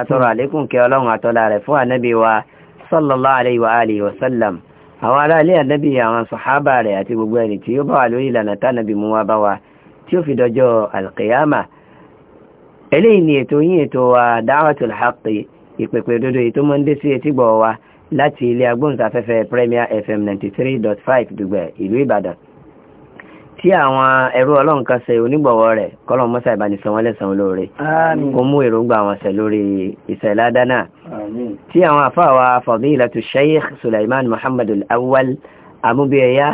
atọrọ àlékún kẹ ọlọ́run àtọ́lá rẹ̀ fún ànábì wa sallallahu alayhi wa alihi wa sallam àwọn ará ilé ànábì àwọn sàhábà rẹ̀ àti gbogbo ẹni tí ó bá wà lórí ìlànà tánàbì mú wa bá wa tí ó fi dọjọ́ alkiyama eléyìí ni ètò yín ètò wa da'watul haqqi ìpèpè òdodo ètò mọ́ ń dé sí etígbọ̀ wa láti ilé agbóhùnsáfẹ́fẹ́ Premier FM 93.5 dùgbẹ̀ ìlú Ìbàdàn tí àwọn ẹrú ọlọ́run kan ṣe onígbọ̀wọ́ rẹ̀ kọ́lọ̀n mọ́sá ìbánisọ wọn lẹ́sàn-án lóore kó mú èròǹgbà wọn ṣẹ lórí ìṣẹ̀lá dáná tí àwọn àfáàwà fadilatu sheikh suleiman muhammad al-awwal amúbíẹ̀yá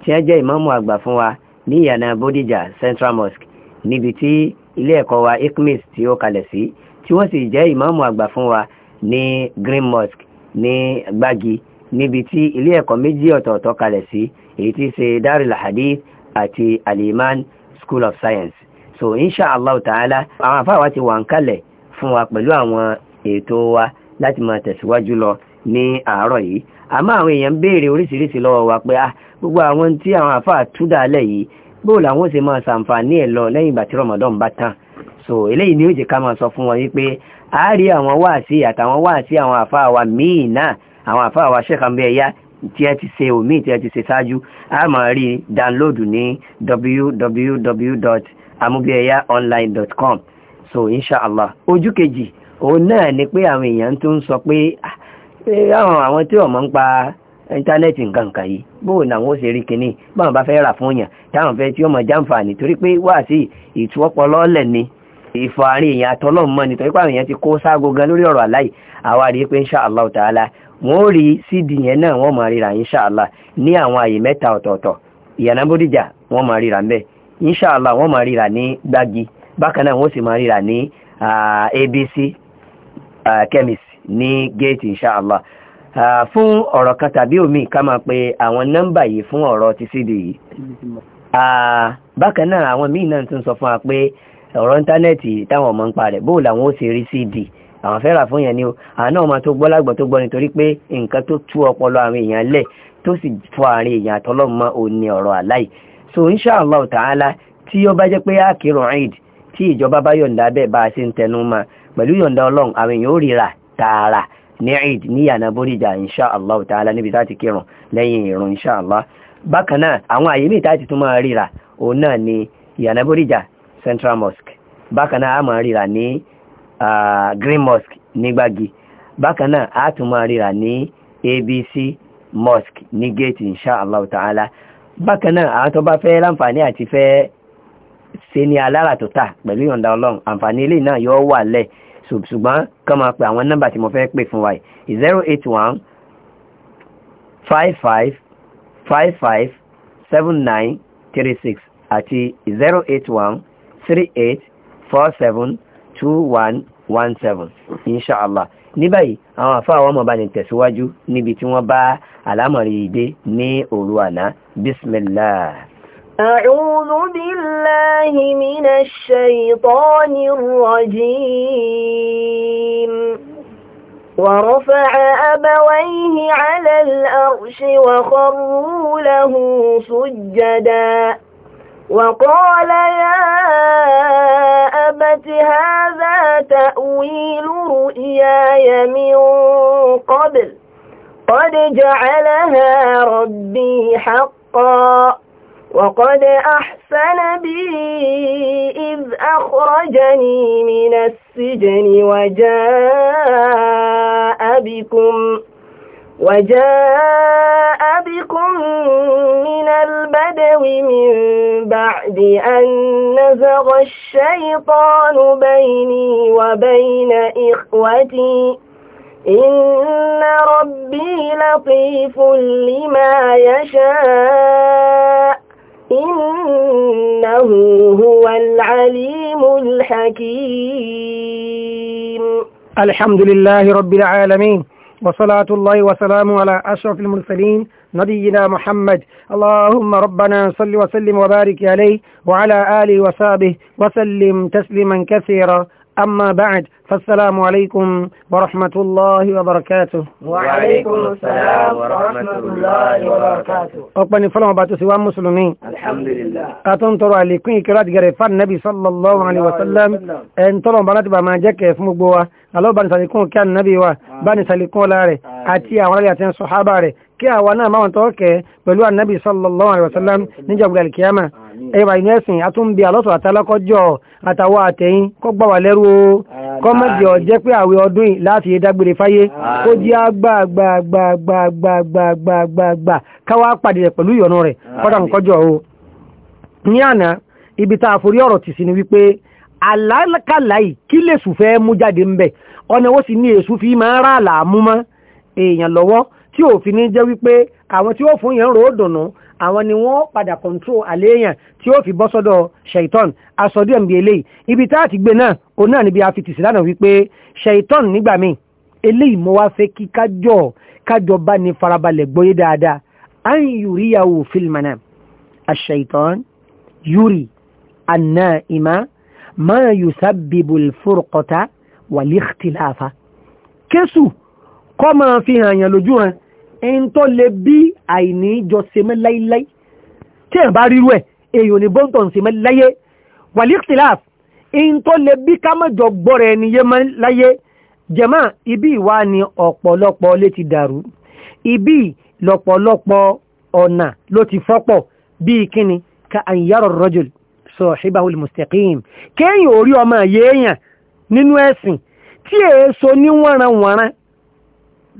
tí wọ́n jẹ́ ìmáàmù àgbà fún wa ní ìyànà bodija central mosque níbi tí ilé ẹ̀kọ́ wa ikmis tí ó kalẹ̀ sí tí wọ́n sì jẹ́ ìmáàmù àgbà fún wa ní green mosque ní gbági níbi tí ilé ẹ̀kọ́ méjì ọ̀tọ̀ọ̀tọ̀ kalẹ̀ sí èyí tí ṣe darul hadith àti Aliman School of Science so insha allah ta'ala àwọn afáwa ti wà ń kalẹ̀ fún wa pẹ̀lú àwọn ètò wa láti máa tẹ̀síwájú lọ ní àárọ̀ yìí àmọ́ àwọn èèyàn béèrè oríṣiríṣi lọ́wọ́ wa pé ah gbogbo àwọn tí àwọn afáà túdàálẹ̀ yìí bóò làwọn ṣe máa ṣàǹfààní ẹ̀ lọ lẹ́yìn ìgbà tí Ramadan bá tán so eléyìí ni ó jẹ́ ká máa sọ fún wọn wípé a rí àwọn wáàsí àtàwọn wáàsí àwọn afáà wa míì náà àwọn àfáà wa ṣẹ́kàmbé ẹ̀yá tí ẹ ti ṣe omi tí ẹ ti ṣe ṣáájú a máa rí dáńlódù ní www.amubieyaonline.com so inshallah ojú kejì òun náà ni pé àwọn èèyàn tó ń sọ ah, pé àwọn àwọn tí ọmọ ń pa íńtánẹ́ẹ̀tì nǹkankan yìí bóò làwọn ó ṣe rí kinní báwọn bá fẹ́ rà fún yàn táwọn fẹ́ tí ó mọ̀ jáǹfààní torí pé wáàsí ìtú ọpọlọ lẹ̀ ni ìfọ̀ àárín èèyàn àtọlọ́mọ torí pé àwọn èèyàn ti kó ságo gan lórí ọ̀rọ̀ àláì àwa rí pé insha Allah ta'ala wọ́n ó rí síìdì yẹn náà wọ́n máa ríra inṣàlá ní àwọn àyè mẹ́ta ọ̀tọ̀ọ̀tọ̀ ìyànà bódìjà wọ́n máa ríra mbẹ́ inṣàlá wọ́n máa ríra ní gbági bákan náà wọ́n sì máa ríra ní abc uh, chemist ní gate inṣàlá fún ọ̀rọ̀ kan tàbí omi ká máa pe àwọn nọ́mbà yìí fún ọ̀rọ̀ ti CD yìí bákan náà àwọn míì náà tún sọ fún wa pé ọ̀rọ̀ íńtánẹ́ẹ̀tì táwọn ọmọ ń parẹ̀ bóòlù àwọn ó ṣe rí síìdì àwọn fẹ́ rà fún yẹn ni o àwọn náà máa tó gbọ́ lágbọ̀ tó gbọ́ nítorí pé nǹkan tó tú ọpọlọ àwọn èèyàn lẹ̀ tó sì fọ àárín èèyàn àtọlọ́mọ òní ọ̀rọ̀ àláì so inshallah ta'ala tí ó bá jẹ́ pé àkírun eid tí ìjọba bá yọ̀ǹda bẹ́ẹ̀ bá a ṣe ń tẹnu mọ́ pẹ̀lú yọ̀ǹda ọlọ́run àwọn èèyàn ó rira tààrà ní eid ní yànà bóríjà inshallah ta'ala níbi tá ti kírun lẹ́yìn ìrun inshallah bákan náà àwọn àyè míì tá ti tún máa rira òun náà ni yànà bóríjà central mosque bákan náà a máa rira ní green mosque ní gbági bákan náà a tún máa ríra ní abc mosque ní gate insha allah ta'ala bákan náà àwọn tó bá fẹ́ láǹfààní àti fẹ́ ṣe ní alára tó tà pẹ̀lú ìyọ̀ǹda ọlọ́run àǹfààní ilé náà yóò wà lẹ̀ ṣùgbọ́n kàn máa pe àwọn nọ́mbà tí mo fẹ́ pè fún wa yìí zero eight one five five five five seven nine three six àti zero eight one three eight four seven 2117 inshallah ní báyìí àwọn àfáà wọn mọ̀ bá ní tẹ̀síwájú níbi tí wọ́n bá àlámọ̀rí ìdé ní òru àná bismillah. أعوذ بالله من الشيطان الرجيم ورفع أبويه على الأرش وخروا له سجداً وقال يا أبت هذا تأويل رؤياي من قبل قد جعلها ربي حقا وقد أحسن بي إذ أخرجني من السجن وجاء بكم وجاء بكم البدو من بعد أن نزغ الشيطان بيني وبين إخوتي إن ربي لطيف لما يشاء إنه هو العليم الحكيم الحمد لله رب العالمين وصلاة الله وسلامه على أشرف المرسلين نبينا محمد اللهم ربنا صل وسلم وبارك عليه وعلى آله وصحبه وسلم تسليما كثيرا أما بعد فالسلام عليكم ورحمة الله وبركاته وعليكم السلام ورحمة الله وبركاته أقبل فلما باتوا سوى مسلمين الحمد لله أتنطر عليكم إكرات غرفة النبي صلى الله عليه وسلم أن ترون بنات بما جاك في مقبوة ألو بني سالكون كان نبي و بني سالكون لاري أتيا ولي أتيا صحابة kí àwa náà máa tọ́ kẹ́ pẹ̀lú ànábì sallallahu alaihi wasallam níjàgbé alkiyama ẹ̀yẹ̀bà inú ẹ̀sìn àtúnbí àlọ́sọ̀ àtàlákọ́jọ́ àtàwọn àtẹ̀yìn kọ́ gbà wà lẹ́rú o kọ́mọ̀dì ọ̀jẹ́ pé àwẹ̀ ọdún láti dágbére fáyé kó jí àgbàgbàgbàgbàgbàgbàgbà káwá pàdé rẹ̀ pẹ̀lú ìyọ̀nù rẹ̀ kọ́dà nkọ́jọ́ o ní àná ibi tá a ni wípé àlákàláì kí lè sùfẹ́ mú jáde ń bẹ̀ ọ̀nà ó sì ní èsù fi máa ń rà láàmú mọ́ èèyàn tí ò fi ní jẹ́ wípé àwọn tí ó fún yẹn rò ó dùnú àwọn ni wọ́n padà control àléèyàn tí ó fi bọ́ sọ́dọ̀ shaitan asọ́dí ẹ̀mí eléyìí ibi tá àti gbé náà ó náà níbi a fi tìsí lánàá wípé shaitan nígbà míì eléyìí mo wá fẹ́ kí kájọ kájọ bá ní farabalẹ̀ gbóyé dáadáa an yuriyahu fil manam ash-shaytan yuri an-na'ima ma yusabbibu al-furqata wal-ikhtilafa kọ́ máa fi hàn yàn lójú hàn in tó lè bí àìní jọ se mẹ́ láíláí tí ẹ̀ bá rírú ẹ̀ èyàn ní bọ́ntọ̀ se mẹ́ láyé wàlí ìtìláf in tó lè bí ká mọ́jọ gbọ́rẹ̀ ẹni yé mẹ́ láyé jẹ́mọ́ ibi ìwá ni ọ̀pọ̀lọpọ̀ lè ti dàrú ibi lọ̀pọ̀lọpọ̀ ọ̀nà ló ti fọ́pọ̀ bíi kíni ka àyàrọ̀ rọ́jùl sọ̀híbáhùl mustaqim kéèyàn orí ọmọ yéèyàn nínú ẹ̀sìn tí èso ní wọ́nranwọ̀nran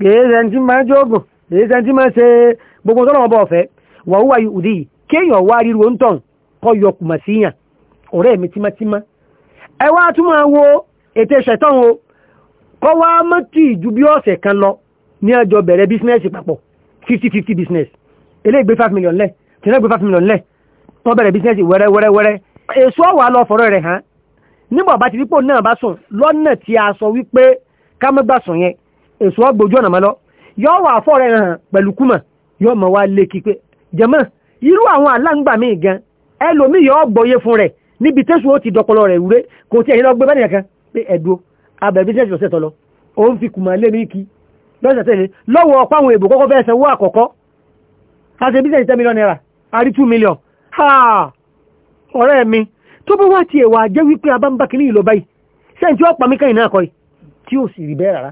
kèé tí máa jógùn èyí sẹ́ tí máa ṣe gbogbo tọ́lọ̀ ọba ọ̀fẹ́ wàhúwà ìhùdí kéèyàn wá ríru oúntàn kọ́ yọ kùmà síyàn ọ̀rẹ́ mi tímátímá ẹ wá tún máa wo ètè ṣẹ̀tàn o kọ́ wá mọ́tì ju bí ọ̀sẹ̀ kan lọ ní ọjọ́ bẹ̀rẹ̀ bísínẹ́sì papọ̀ fifty fifty business eléyìí gbé five million lẹ̀ tìǹà gbé five million lẹ̀ tó bẹ̀rẹ̀ bísínẹ́sì wẹ́rẹ́ wẹ́rẹ́ wẹ́rẹ́ èso ọ̀wà lọ fọ̀rọ̀ rẹ̀ hàn nígbà bá ti dípò náà bá sùn lọ́nà tí a sọ wípé ká mọ́gbà sùn yẹn èso ọgbójú ọ̀nà mọ́ lọ yọ́ wà fọ́rẹ̀ hàn pẹ̀lú kúmọ̀ yọ́ mọ̀ wá lé kí pé jẹ́mọ́ irú àwọn aláǹgbà míì gan ẹlòmíì yọ́ gbọ́yé fún rẹ̀ níbi tẹ́sù ó ti dọpọlọ rẹ̀ wúré kò tí ẹ̀yìn lọ gbé bẹ́ẹ̀ nìkan pé ẹ̀dùn abẹ̀bí tẹ́sù ọ̀sẹ̀ tọ́lọ ó ń fi kùmọ̀ lé mi kí lọ́sẹ̀ lọ́wọ́ ọ̀pá èbò kọ́kọ́ fẹ́ẹ́ sanwó àkọ́kọ́ láti bí tẹ́sù mílíọ̀n náírà àrí tú mílíọ̀n ha ọ̀rẹ́ mi tó bá wá tiẹ̀ wà jẹ́ wípé abámbákiní ìlọ báyìí sẹ́ǹtì ọ̀pá mi kẹ́yìn tí ò sì rí bẹ́ẹ̀ rárá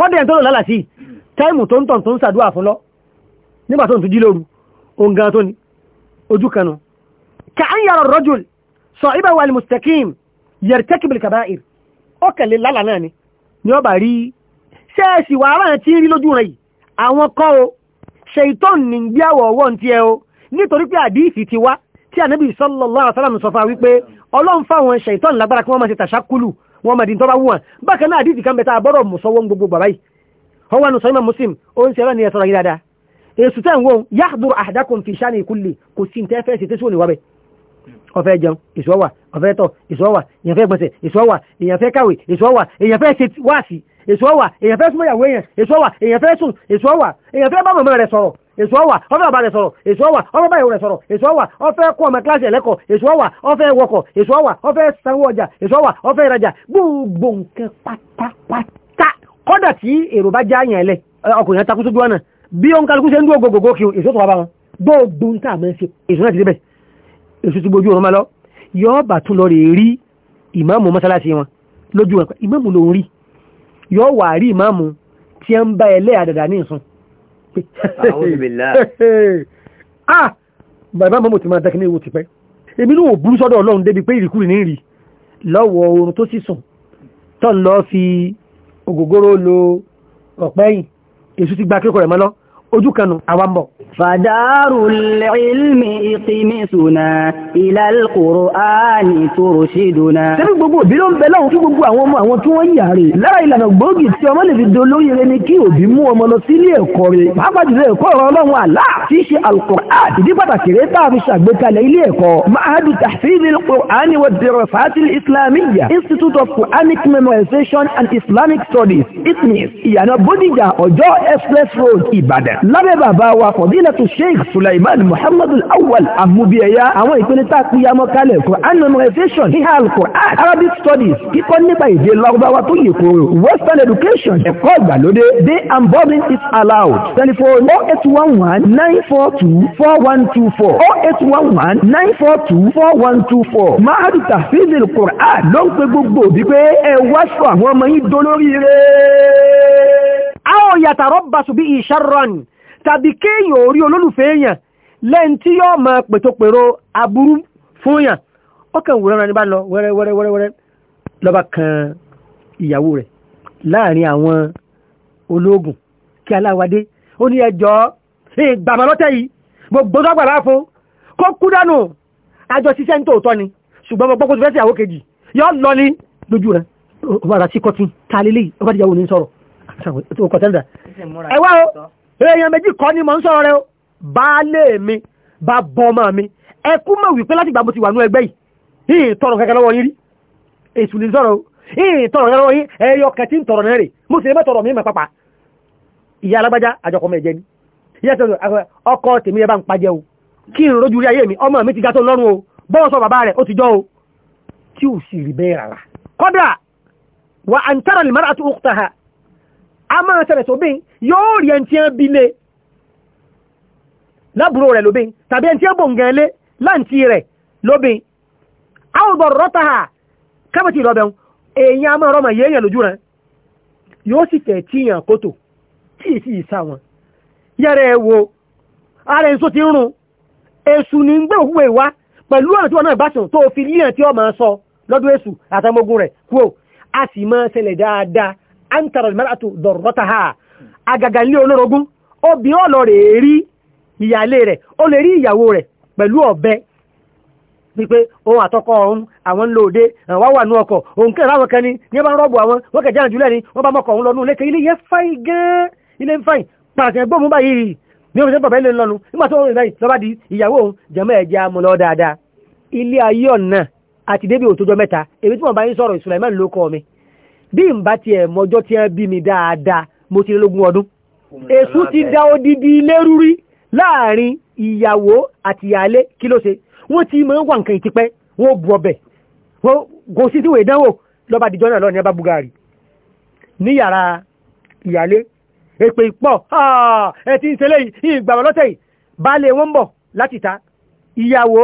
kọ́dẹ̀ tó lò lálà sí táìmù tó ń tàn tó ń sàdúwà fún lọ nígbà tó ń tún jí lóru ohun gan tó ní ojú kanu ka an yàrá rọ́jùl sọ ibà wà ní mustakim yẹ̀rì tẹ́kìbìlì ó kẹ̀lé lálà náà ni ni ó bà rí ṣẹ́ẹ̀sì wà ara tí ń rí lójú rẹ̀ àwọn kọ́ o ṣe ìtọ́n ní gbé àwọ̀ ọwọ́ ti ẹ o nítorí pé àdífì ti wá tí ànábì sallallahu alaihi wípé ọlọ́run fáwọn ṣe ìtọ́n lágbára kí wọ́n máa ṣe tàṣákùlù wọn mọ̀dí tó bá wù wọn bákan náà àdìsí kan bẹ̀ta àbọ̀rọ̀ mùsọ̀wọ́n gbogbo bàbá yìí ọwọ́ ànú sọ́yìnmọ̀ muslim ó ń sẹ́rọ̀ ní ẹ̀sọ́rọ̀ yìí dáadáa èsù tẹ́ ń wọ́n yáàdùrù ahadakum fi shani kulli kò sí tẹ́ èso ọwà ọfẹ́ ọba rẹ̀ sọ̀rọ̀ èso ọwà ọlọ́bà ìwò rẹ̀ sọ̀rọ̀ èso ọwà ọfẹ́ kọ́ ọmọ kíláàsì ẹ̀lẹ́kọ̀ èso ọwà ọfẹ́ wọkọ̀ èso ọwà ọfẹ́ sanwó ọjà èso ọwà ọfẹ́ ìrajà gbogbo nǹkan pátápátá kọ́dà tí èrò bá jáàyàn ẹlẹ́ ọkùnrin takú sójú ọ̀nà bí ó ń kálukú ṣe ń dúró gbogbogbò kí èso tó wà bá ah bàbá mọ́mọ́ ti máa dákínlẹ̀ ìwò ti pẹ́ èmi ní òbúrú sọ́dọ̀ ọlọ́run débi pé ìrìkúrì ní rí lọ́wọ́ oorun tó sì tọ́ lọ fi ògógóró lo ọ̀pẹ́yìn èṣù ti gba akẹ́kọ̀ọ́ rẹ̀ mọ́ lọ ojú kanu àwa ń bọ̀. ilmi ìpínmi sùnà ilẹ̀ alukoro ààni turshiduna. sẹ́bí gbogbo òbí ló ń bẹ láwọn fún gbogbo àwọn ọmọ àwọn tí wọ́n yà rè lára ìlànà gbòógì tí ọmọ lè fi do lóyèrè ni kí òbí mú ọmọ lọ sí ilé ẹ̀kọ́ rẹ̀ pàápàá jùlọ ẹ̀kọ́ ọ̀rọ̀ ọlọ́run àlá tí í ṣe alukoro ìdí pàtàkì rẹ̀ tá a fi ṣàgbékalẹ̀ ilé ẹ̀kọ́ mahadu tahfidh al institute of Quranic memorization and Islamic studies itnis ìyànà bódìjà ọjọ́ express road ìbàdàn lábẹ́ bàbá wa fọ̀dílẹ̀ tó sheikh suleiman muhammadu awwal amubiyaya àwọn ìpínlẹ̀ ní tàpíyà mọ́ kalẹ̀ Quran memorization híhà Quran Arabic studies kíkọ́ nípa èdè lọ́gbàwá tó yẹ kóró Western education ẹ̀kọ́ ìgbàlódé day and bobbing is allowed telephone oh eight one one nine four two four one two four oh eight one one nine four two four one two four mahadu tafizil Quran ló ń pe gbogbo òbí pé ẹ wá sọ àwọn ọmọ yìí dolóríire. a ò yàtàrọ́ basubi ìṣàrọ̀ ni tàbí kéèyàn orí olólùfẹ́ èèyàn lẹ́yìn tí yóò máa pètòpèrò aburú fún yàn ọkàn wòran ní bá lọ wẹ́rẹ́wẹ́rẹ́wẹ́rẹ́ lọ́ba kan ìyàwó rẹ̀ láàrin àwọn ológun kí aláwadé ó ní ẹjọ́ ìgbàmọ́ lọ́tẹ̀ yìí gbogbo dọ́gbàrá fún kó kú dánù àjọ ṣiṣẹ́ ní tòótọ́ ni ṣùgbọ́n mo gbọ́kọ́ tó fẹ́ sí àwọn kejì yọ lọ ní lójú rẹ̀ ó bá ra sí kọ́tún ta lélẹ́yìí ó bá ti yàwó ní sọ̀rọ̀ ẹ̀wá o èèyàn méjì kọ́ baálé mi bá bọ́mọ mi ẹkú mọ̀ wípé láti gbà mo ti wà ní ẹgbẹ́ yìí ìyìn tọrọ kẹkẹ lọ́wọ́ yín rí èsù lè sọ̀rọ̀ ìyìn tọrọ kẹkẹ lọ́wọ́ yín ẹyọ kẹtí ń tọrọ náà rè mo sì mẹ́ mi mẹ́ pápá ìyá alágbájá àjọkọ ni ìyá tẹ̀sán ọkọ tèmi ẹ bá ń pajẹ o kí n rojú rí ayé mi ọmọ mi ti ga tó lọ́rùn mara àti ha a máa ṣẹlẹ̀ sóbìn yóò rí lábúrò rẹ̀ lóbin tàbí ẹni tí ó bòǹgẹ̀ ilé láǹtí rẹ̀ lóbin áwùgbọ̀ rọ́ta ha kẹ́mẹ̀tì lọ́bẹ̀un èèyàn ọrọ ọ̀rọ̀mọ̀ yéèyàn lójú rẹ̀ yóò sì fẹ̀ tíyàn kótó tí ì sí ìsá wọn yẹ́rẹ̀ wo ara ti ń rún èṣù ní ń gbé òkú ìwá pẹ̀lú ọ̀nà tí wọn náà tó fi líyàn tí ó máa sọ lọ́dún èṣù àtàmógún rẹ̀ kúrò a sì máa ṣẹlẹ̀ dáadáa antara mẹ́ràtù ilé olórogún obìnrin ọ̀lọ́ rèé rí ìyáálé rẹ̀ ó lè rí ìyàwó rẹ̀ pẹ̀lú ọ̀bẹ wípé ohun àtọkọ ọ̀hún àwọn ń lo òde àwọn wà nú ọkọ̀ òun kẹrin àwọn kan ni ní ẹ bá ń rọ́ọ̀bù àwọn wọ́n kẹjá jùlẹ̀ ni wọ́n bá mọ́kọ̀ òun lọ́nu lẹ́kẹ̀ ilé yẹn fáì gan ilé ń fáì pàṣẹ gbóòmù báyìí ní òfin bàbá ilé ń lọ́nu nígbà tó rìn báyìí lọ́ba di ìyàwó òun jẹ̀mọ́ ẹ̀jẹ̀ amúlọ́ dáadáa ilé ayé ọ̀nà àti débi òtójọ́ láàrin ìyàwó àti ìyàlé kí ló ṣe wọ́n ti mọ́ wà nǹkan ìtipẹ́ wọ́n bu ọbẹ̀ wọ́n kò sí tíwèé dánwò lọ́ba àdìjọ́ náà lọ́ni ẹbá bugari ní yàrá ìyàlé èpè ìpọ̀ ah, ẹ ti ń ṣe léyìí ìgbàwọ̀ lọ́tẹ̀ yìí baálé wọn ń bọ̀ láti ta ìyàwó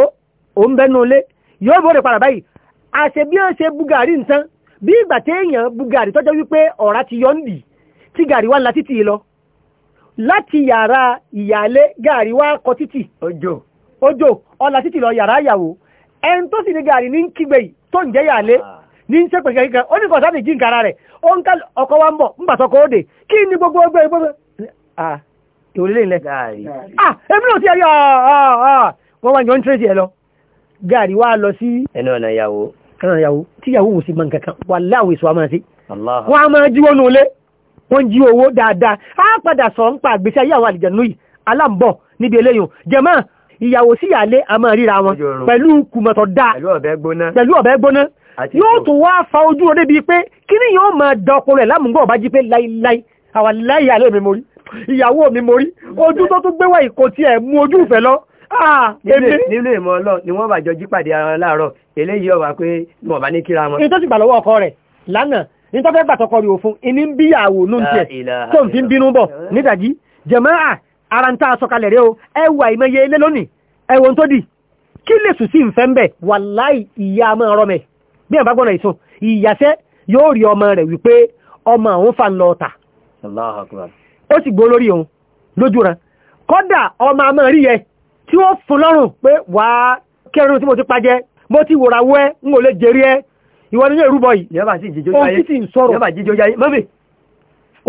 òun bẹ́nu ilé yóò bọ̀rẹ̀ padà báyìí àṣẹ bí wọ́n ṣe bugari nǹkan bí ìgbà téèyàn bugari tọ́jọ́ wípé ọ̀rá ti yọ ń dì tí gàrí wà látìtì lọ láti yàrá ìyálé gàrí wá kọ títì òjò òjò ọlà títì lọ yàrá yàwó ẹn tó sì ní gàrí ní kígbe tó ń jẹ yàlé ah. ní ṣe kíkan ó ní nkara rẹ̀ ó ń ká ọkọ wa ń ni gbogbo ọgbẹ́ ìgbogbo ah, ah èmi náà ti ah, wá ń tírèsì ẹ̀ lọ gàrí wá lọ sí ẹnu ọ̀nà ìyàwó ẹnu ọ̀nà ìyàwó tíyàwó kan wà á wọ́n jí owó dáadáa á padà sọ ń pa àgbésí ayé àwọn àlìjẹ̀nú yìí aláǹbọ̀ níbi eléyìn jẹ̀mọ́ ìyàwó sí ìyàlé àmọ́ ríra wọn pẹ̀lú kùmọ̀tọ̀ dáa pẹ̀lú ọ̀bẹ gbóná yóò tún wá fa ojú rẹ bíi pé kí ni yóò máa da ọkọ rẹ lámùgbọ́ ọba jí pé láíláí àwa láì àlẹ́ mi mórí ìyàwó mi mórí ojú tó tún gbé wá ìkò tiẹ̀ mú ojú ìfẹ́ lọ ah, nílé ìmọ̀ ọlọ́ ni wọ́n bàjọ́ jí pàdé ara láàárọ̀ eléyìí ọ̀wà pé wọn bá ní kíra wọn. èyí tó sì gbà lọ́wọ́ ọkọ rẹ̀ lánàá ní tọ́fẹ́ gbàtọ̀kọ̀ rí òfin iní ń bíyàwó ló ń tẹ̀ tó ń fi ń bínú bọ̀ nídàjí jẹ̀máà ara ń tà sọ̀kalẹ̀ rẹ o ẹwà ìmọye ilé lónìí ẹwọ́n tó dì kí lè sùn sí ìfẹ́ ń bẹ̀ wàláì ìyá ọmọ ọ̀rọ̀ mẹ́ bí ẹ̀bá gbọ́nà ìsùn ìyàṣẹ́ yóò rí ọmọ rẹ̀ wípé ọmọ àwọn fa lọ ọ̀tà ó sì gbó lórí òun lójú ran kódà ọmọ àmọ́ rí yẹ tí ó fún lọ́rùn pé wàá kẹrin tí mo ti pajẹ mo ti wòràwọ́ ẹ ń ò lè jẹrí ẹ ìwọ nínú ìrúbọ yìí òun sì ń sọ̀rọ̀ mọ́bẹ̀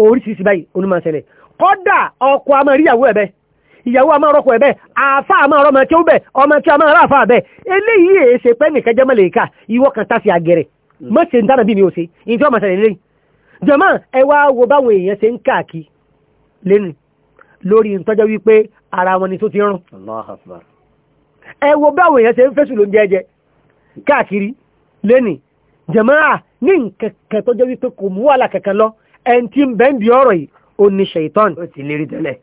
oríṣiríṣi báyìí onímọ̀ ṣẹlẹ̀ kọ́dà ọkọ a máa rí ìyàwó ẹ̀bẹ̀ ìyàwó a máa rọ́kọ ẹ̀bẹ̀ àáfà a máa rọ́mọ kí ó bẹ̀ ọmọ kí a máa rà àfà bẹ̀ eléyìí èé ṣe pẹ́ nìkan jẹ́ mọ́lẹ̀ ìka ìwọ kan tásí àgẹ̀rẹ̀ mọ́ mm. ṣe ń dáná bí mi ò ṣe ìjọ ọmọ ṣẹlẹ̀ lẹ́yìn jọmọ́ Jamaa, ní nkẹ̀kẹ̀ tó jẹ́ wípé kò mú wàhálà kẹ̀kẹ́ lọ ẹn tí ń bẹ́ẹ̀ bí ọ̀rọ̀ yìí ó ní ṣèyítọ́n ó ti lérí tẹ́lẹ̀.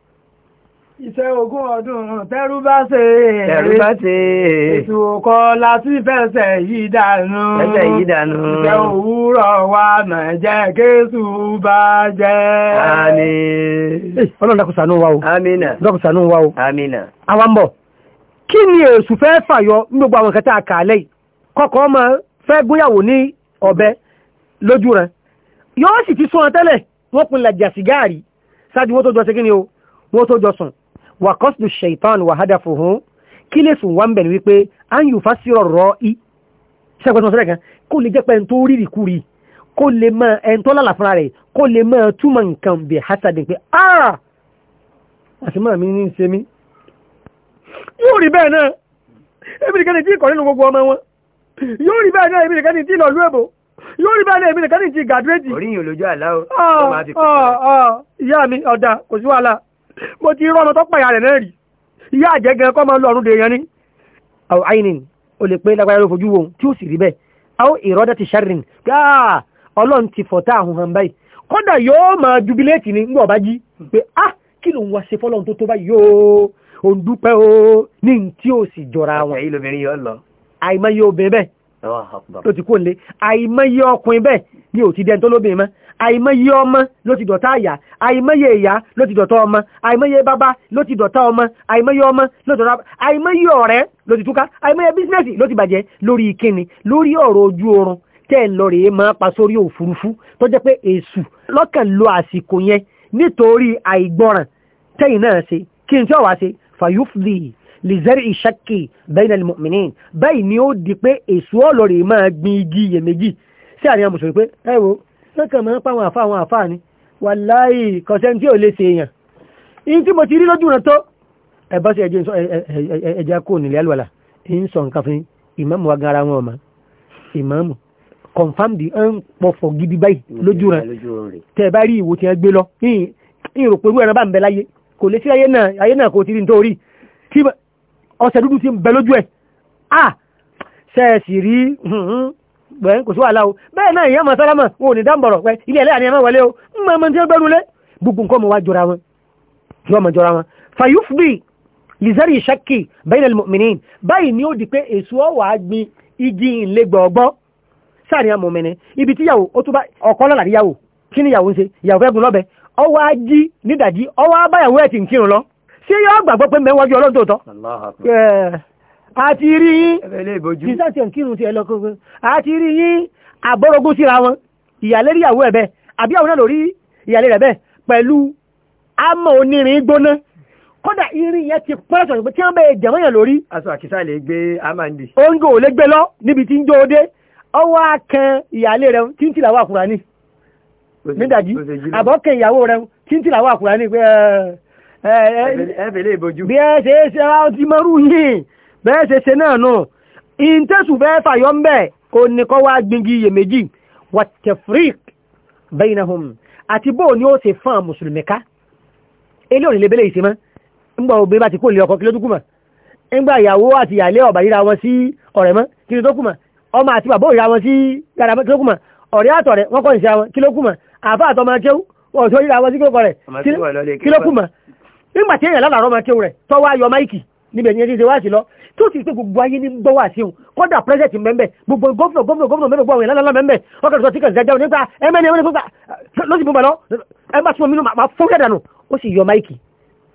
ìṣe ogún ọdún tẹ́rú bá ṣe tẹ́rú bá ṣe ètò ọkọ̀ láti fẹsẹ̀ yìí dànù fẹsẹ̀ yìí dànù ìṣe òwúrọ̀ wa mà jẹ́ kéṣù bá jẹ́. àmín. ọlọ́run dákùsànú wa o. àmínà. dákùsànú wa o. àmínà. àwọn bọ̀ kí ni èṣù fẹ́ fàyọ ní gbogbo àwọn kẹta àkàlẹ́ yìí kọ́kọ́ máa fẹ́ gúnyàwó ní ọ̀bẹ lójú rẹ̀ yóò sì ti sún tẹ́lẹ̀ wọ́n pinlẹ̀ jàsí gáàrí sáájú wọ́n tó jọ sí kí ni o wọ́n tó jọ sùn wà kọ́sùdù ṣèitán wà hádà fòhún kí lè sùn wá ń ah àti máa mi ní í ṣe mí yóò rí bẹ́ẹ̀ náà ẹbí nìkan tí ìkọ̀ nínú gbogbo ọmọ wọn yóò rí bẹ́ẹ̀ náà èmi nìkan ní tí lọ lóèbò yóò rí bẹ́ẹ̀ náà èmi nìkan ní tí gàdúrẹ́tì. oríyìn olójú àlá o. Ah, ah, ah, ìyá mi ọ̀dà kò sí wàhálà mo ti rọ́ ọmọ tó pààyà rẹ̀ náà rí ìyá àjẹ́ gan kọ́ máa ń lọ ọ̀run dèèyàn ni. àwọn àyìnì o lè pé lágbára ló fojú wo tí ó sì rí bẹ́ẹ̀ àwọn ìrọ́dá ti ṣàrìn gáà ọlọ́run ti fọ̀tá àhùn hàn báyìí kódà yóò máa jubiléètì ni ngbọ̀ bá jí pé ah kí ló ń wá ṣe fọ́lọ́run tó tó báyìí yóò òǹdúpẹ́ o ní tí ó sì jọra wọn. ẹ̀yin lóbìnrin yóò lọ àìmọye obìnrin bẹ́ẹ̀ ló ti kó nílé àìmọye ọkùnrin bẹ́ẹ̀ ni ò ti dẹni tó lóbìnrin mọ́ àìmọye ọmọ ló ti dọ̀tá àyà àìmọye ìyá ló ti dọ̀tá ọmọ àìmọye bàbá ló ti dọ̀tá ọmọ àìmọye ọmọ ló ti dọ̀tá àìmọye ọ̀rẹ́ ló ti túká àìmọye bísínẹ́sì ló ti bàjẹ́ lórí ìkíni lórí ọ̀rọ̀ ojú oorun tẹ́ ẹ̀ lọ rèé máa pa sórí òfurufú tó jẹ́ pé èṣù lọ́kàn lo àsìkò yẹn nítorí àìgbọràn tẹ́yìn náà se kí n tí ọ̀wá ṣe fàyúfìlì lìzẹ́rì ìṣẹ́kì bẹ́ẹ̀nà mọ̀mìnín báyìí ni ó di pé èso ọlọ́rẹ̀ máa gbin igi iyèméjì sí àríyàn mùsùlùmí pé ẹ wo lọ́kàn máa ń pa àwọn àfa àwọn àfa ni wàláì kọ̀sẹ́ni tí ò lè ṣe èèyàn ìyí tí mo ti rí lójú rẹ̀ tó ẹ bá sí ẹjọ́ ẹja kò nílẹ̀ àlùwàlà ń sọ nǹkan fún ìmáàmù wa gara wọn ọmọ ìmáàmù confam di ń pọ̀fọ̀ gidi báyìí lójú rẹ̀ tẹ́ ọṣẹ dúdú ti ń bẹ lójú ẹ̀ ah ṣẹ́ẹ̀sì rí pẹ́ kò sí wàhálà o bẹ́ẹ̀ náà ìyá màsálámà wọn ò ní dáǹbọ̀rọ̀ pẹ́ ilé ẹlẹ́yà ni ẹ máa wọlé o mọ̀mọ́ tí ó gbẹ́rù lé gbogbo nǹkan mọ̀ wá jọra wọn yóò mọ̀ jọra wọn fayufbi lizari shakki bayna al-mu'minin báyìí ni ó di pé èso ọwà gbin igi ìlégbọ̀ọ́gbọ́ sáàrin amòmìnì ibi tí yàwó ó tún bá ọ̀kọ́ lọ́làdíyàwó kí ni yàwó ń ṣe yàwó fẹ́ gun lọ́bẹ ọwọ́ á jí nídàjí ọwọ́ á báyàwó ẹ̀ tì ń kírun lọ ṣé yóò gbàgbọ́ pé mẹ́wájú ọlọ́run tó tọ́ àti rí yín jísàtì ẹ̀kírun ti ẹlọ́kọ́gbọ́ àti rí yín àbọ́rọ̀gún síra wọn ìyàlẹ́ ríyàwó ẹ̀bẹ́ àbí àwọn náà lórí ìyàlẹ́ rẹ̀ bẹ́ẹ̀ pẹ̀lú àmọ́ onírin gbóná kódà irin yẹn ti pọ́nṣọ̀ pé tí wọ́n bẹ̀ẹ́ jẹ̀mọ́ yẹn lórí. aṣọ àkísà lè gbé amandi. oúnjẹ ò lè gbé lọ níbi tí ń jó dé ọwọ́ akẹ́ ìyàlẹ́ rẹ̀ tí ń tìlàwọ́ àkùrà ní nídàjí àbọ̀kẹ́ ìyàwó rẹ̀ tí ń tìlàwọ́ àkùrà ní pé ẹ̀ẹ́fẹ̀lẹ́ é ṣe ra ọtí mọ́rú yìí bẹ́ẹ̀ ṣe ṣe náà nù ìǹtẹ́sù bẹ́ẹ̀ fàyọ́ ń bẹ̀ kò ní kọ́ wá gbingi iyèméjì wàtẹ̀frík bainahum àti bóò ni ó ṣe fún àwọn mùsùlùmí ká ilé òní lebele ìsinmọ́ ńgbà obìnrin bá ti kó lè ọkọ̀ kí ló dúkùmọ̀ ńgbà ìyàwó àti ìyàlẹ́ ọ̀bà ríra wọn sí ọ̀rẹ́ mọ́ kí ló dúkùmọ̀ ọmọ àti bàbá òríra wọn sí yàrá kí ló kùmọ̀ ọ̀rẹ́ àtọ̀rẹ́ wọn kọ́ ìṣe wọn kí ló kùmọ̀ àfa àtọmọ kéwú ọ̀ṣọ́ ríra wọn sí kí nígbà tí èèyàn lálàárọ̀ máa kéwù rẹ̀ tó wá yọ máìkì níbẹ̀ yẹn ti ṣe wá sí lọ tó sì pé gbogbo ayé ní gbọ́ wá sí òun kọ́dà pírẹ́sẹ̀tì mẹ́mbẹ̀ gbogbo gómìnà gómìnà gómìnà mẹ́mbẹ̀ gbọ́ àwọn èèyàn lálàá mẹ́mbẹ̀ ọkọ̀ tó ti kàn jẹjẹrẹ nípa ẹmẹ́ni ẹmẹ́ni gbogbo lọ́sì bùbà lọ ẹ bá súnmọ́ mi náà máa fún kẹ́dànù ó sì yọ máìkì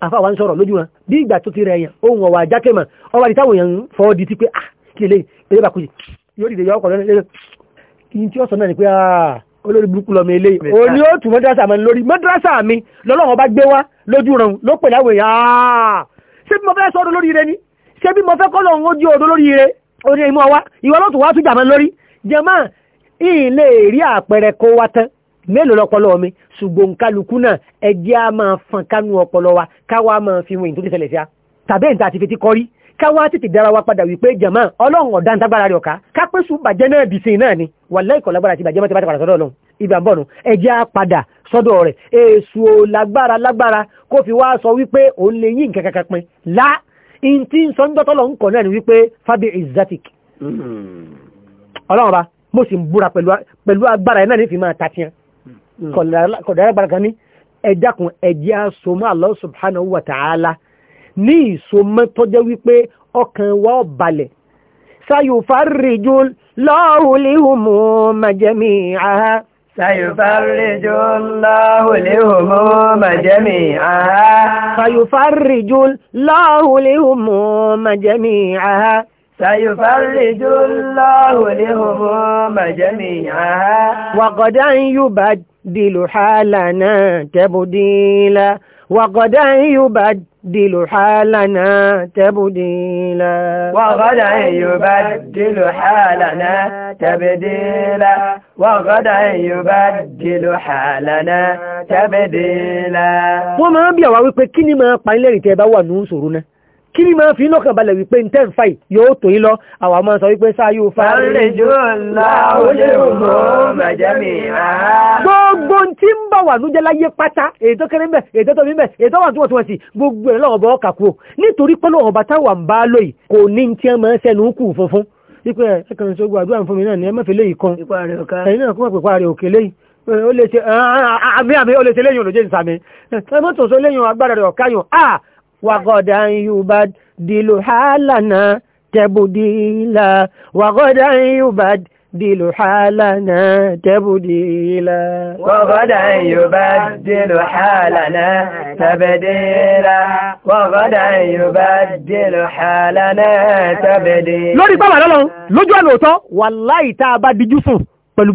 àfa wa ń sọ̀rọ̀ lójú wọn bí ìgbà tó ti rẹ̀ yẹn ohun ọ̀wà jákè mà ọwà ní táwọn èèyàn fọ́ di ti pé ah kí lè lè bá kú yìí yóò dìde yọ ọkọ̀ lẹ́nu kí n tí ó sọ náà ni pé ah olórí burúkú lọmọ eléyìí òní ó tù mọ́dúrásà mọ́ lórí mọ́dúrásà mi lọ́lọ́wọ́ bá gbé wá lójú rọrùn ló pè láwọn èèyàn ṣé bí mo fẹ́ sọ́dọ̀ lórí ire ni ṣé bí mo fẹ́ kọ́lọ̀ ń ojú odò lórí ire oní ìmọ̀ wa ìwọ ló tún wá tún jàmọ́ lórí jẹ́mọ́ ilé rí àpẹẹrẹ kó wa tán mélòó lọ́pọlọ mi ṣùgbọ́n kálukú náà ẹjẹ́ a máa fọn kánú ọpọlọ wa káwa máa fi wọn ìtòkè sí káwá tètè dára wa padà wípé jama ọlọ́run ọ̀dá ntágbára rẹ̀ ọ̀ká kápẹ́sù bàjẹ́ náà bì sí náà ni wà láìkọ̀ lágbára àti ìbàjẹ́ mọ́tẹ́bàtà padà sọ́dọ̀ ọlọ́run ìbàbọ̀nù ẹjẹ́ á padà sọ́dọ̀ rẹ̀ èṣù lágbára lágbára kó fi wá sọ wípé òun lè yí nǹkan kankan pin lá in tí ń sọ ń dọ́tọ́lọ̀ ń kọ̀ náà ni wípé fabi izzatik ọlọ́run ọba mo sì ń búra pẹ̀lú agbára náà nífi máa tatiyan ẹ̀dákun ẹjẹ́ á so subhanahu wa ta'ala ní ìsomọ́ tọ́jẹ́ wípé ọkàn wa ó balẹ̀ sayufarriju llahu lihumuma jami'aha sayufarriju llahu lihumuma jami'aha sayufarriju llahu lihumuma jami'aha sayufarriju llahu lihumuma jami'aha wa qadan yubad يبدل حالنا تبديلا وغدا يبدل حالنا تبديلا وغدا يبدل حالنا تبديلا وغدا يبدل حالنا تبديلا wọ́n máa ń bí àwa wípé kí ni máa pa ilé ìtẹ́ bá wà ní ìṣòro náà kí ni máa fi lọ́kàn balẹ̀ wípé n ten five yóò tó yín lọ àwọn ọmọ sọ wípé sáyó fa. àlejò ńlá olè òmò mẹjẹmí rà. gbogbo tí ń bá wà nújẹ láyé pátá ètò kéré mbẹ ètò tóbi mbẹ ètò àwọn tó wọ́n ti wọ́n sí gbogbo ẹ̀ lọ́wọ́ bọ́ kàkú o nítorí pé lọ́wọ́ bàtà wà ń bá lóyè kò ní tí wọ́n máa ń sẹ́nu kù funfun wípé ẹ kàn sógbó àdúrà fún mi náà ni ẹ mẹ́fẹ̀ẹ́ léyìí kan ẹ̀yin náà kó pàpẹ́ àrẹ òkè léyìí ó lè ṣe àmì àmì ó lè ṣe léyìn olójé ìsàmì ẹ mọ́tò sọ léyìn agbára rẹ̀ وغدا يبدل حالنا تبديلا وغدا يبدل حالنا تبديلا وغدا يبدل حالنا تبديلا وغدا يبدل حالنا تبديلا lórí bàbá lọ́lọ́run lójú ọ̀nà òótọ́ wàláì tá a bá dijú sùn pẹ̀lú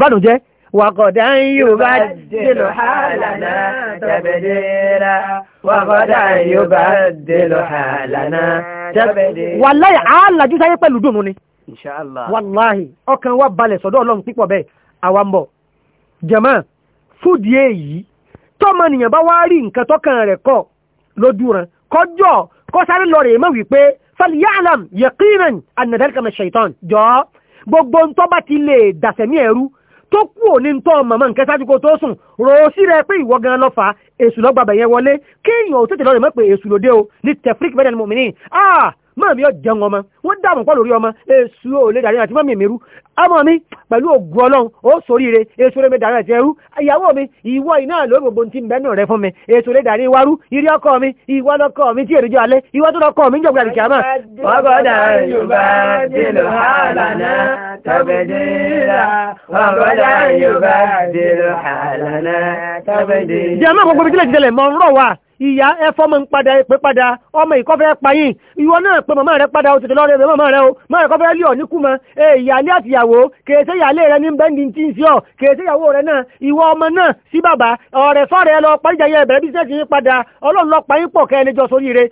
وغدا يبدل حالنا تبديرا وغدا يبدل حالنا تبديلا والله àálà jù sáyé pẹ̀lú dùnú ni inshallah wallahi ọkàn wa balẹ̀ sọ́dọ̀ Ọlọ́run pípọ̀ bẹ́ẹ̀ àwa ń bọ̀ jàmá fúdí èyí tọ́mọnìyàn bá wá rí nǹkan tọ́kàn rẹ̀ kọ̀ lójú rẹ̀ kọjọ́ kọ́ sáré lọ rẹ̀ mọ́ wípé falyalam yaqinan anna dhalika min shaitan jọ gbogbo ń tọ́ bá ti lè dàsẹ̀mí ẹ̀rú tó kú òní ń tọ́ màmá nǹkan ṣáájú kó tó sùn rò ó sí rẹ pé ìwọ gan lọ fà á èṣù lọ́gbàbẹ̀ yẹn wọlé kéèyàn ò tètè lọ́rẹ̀ mọ́ pé èṣù lòdè o ní tẹ̀fríkì bẹ́ẹ̀ ni mòmìnir maami ọ jẹun ọmọ wọ́n dààmú pọ̀ lórí ọmọ èṣù ò lè dàrí àti mọ́mí mi rú ọmọ mi pẹ̀lú ògùn ọlọ́run ó sórí re èṣù lè dàrí àti ẹrú ìyàwó mi ìwọ iná ló gbogbo ti ń bẹ́nu rẹ fún mi èṣù lè dàrí iwárú irí ọkọ mi ìwọ lọkọ mi tí èròjọ alẹ́ ìwọ tó lọkọ mi ń àmà. yorùbá ìyá ẹ fọ́mọ ń padà pé padà ọmọ ìkọ́fẹ́ payín ìwọ náà pé màmá rẹ padà o tètè lọ́rẹ́ rẹ màmá rẹ o màmá rẹ kọ́fẹ́ lé ọ̀ ní kùmọ̀ ẹ ìyáálé àtìyàwó kèéṣe ìyáálé rẹ ní bẹ́ndì tí ń sí ọ kèéṣe ìyàwó rẹ náà ìwọ ọmọ náà sí bàbá ọ̀rẹ́ sọ́rẹ́ ẹ lọ paríjà yẹ bẹ̀rẹ̀ bísíǹsì yín padà ọlọ́run lọ payín pọ̀ kẹ́ ẹ níjọ sórí rẹ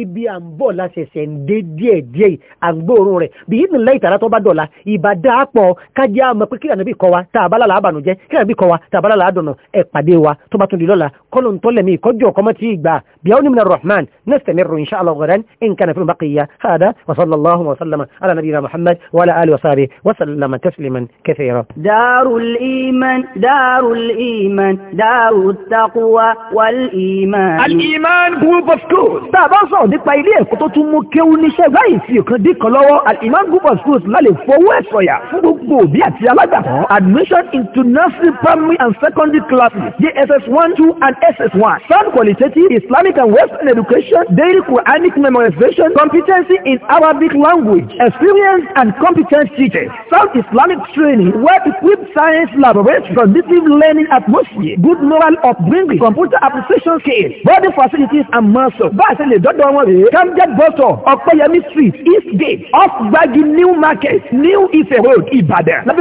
ibi à ń bọ̀ lásẹ̀sẹ̀ ń dé díẹ̀ díẹ̀ à ń gbóòórùn rẹ̀ bí yìí nílẹ̀ ìtàrà tó bá dọ̀la ìbàdà pọ̀ kájí àmọ́ pé kí ànábì kọ wa tàbálà ẹ̀pàdé wa tó bá tún di lọ́la kọ́lọ̀ ń lẹ̀mí mi kọjú ọkọ̀ mọ́ ti gbà bí àwọn onímọ̀ rahman nastamiru insha Allah ghadan in kana fil baqiya hada wa sallallahu wa sallama ala nabiyina muhammad wa ala ali wa sahbihi wa sallama tasliman kathira. darul iman darul iman darul taqwa wal iman. al iman group of schools. tá a bá sọ̀rọ̀ nípa ilé ẹ̀kọ́ tó tún mú kéwú níṣẹ́ láì fi òkan dín kan lọ́wọ́ al iman group of schools lálẹ́ fowó ẹ̀sọ̀yà fún gbogbo òbí àti alágbàtọ́ admission into nursery primary and secondary class classes, JSS1, 2, and SS1. Sound qualitative Islamic and Western education, daily Quranic memorization, competency in Arabic language, Experienced and competent teachers. Sound Islamic training, well-equipped science laboratory, conducive learning atmosphere, good moral upbringing, computer application skills, boarding facilities and muscle. Bá a Camden Bottle, Okoyemi Street, East Gate, Off Gbagi New Market, New Ife Road, Ìbàdàn.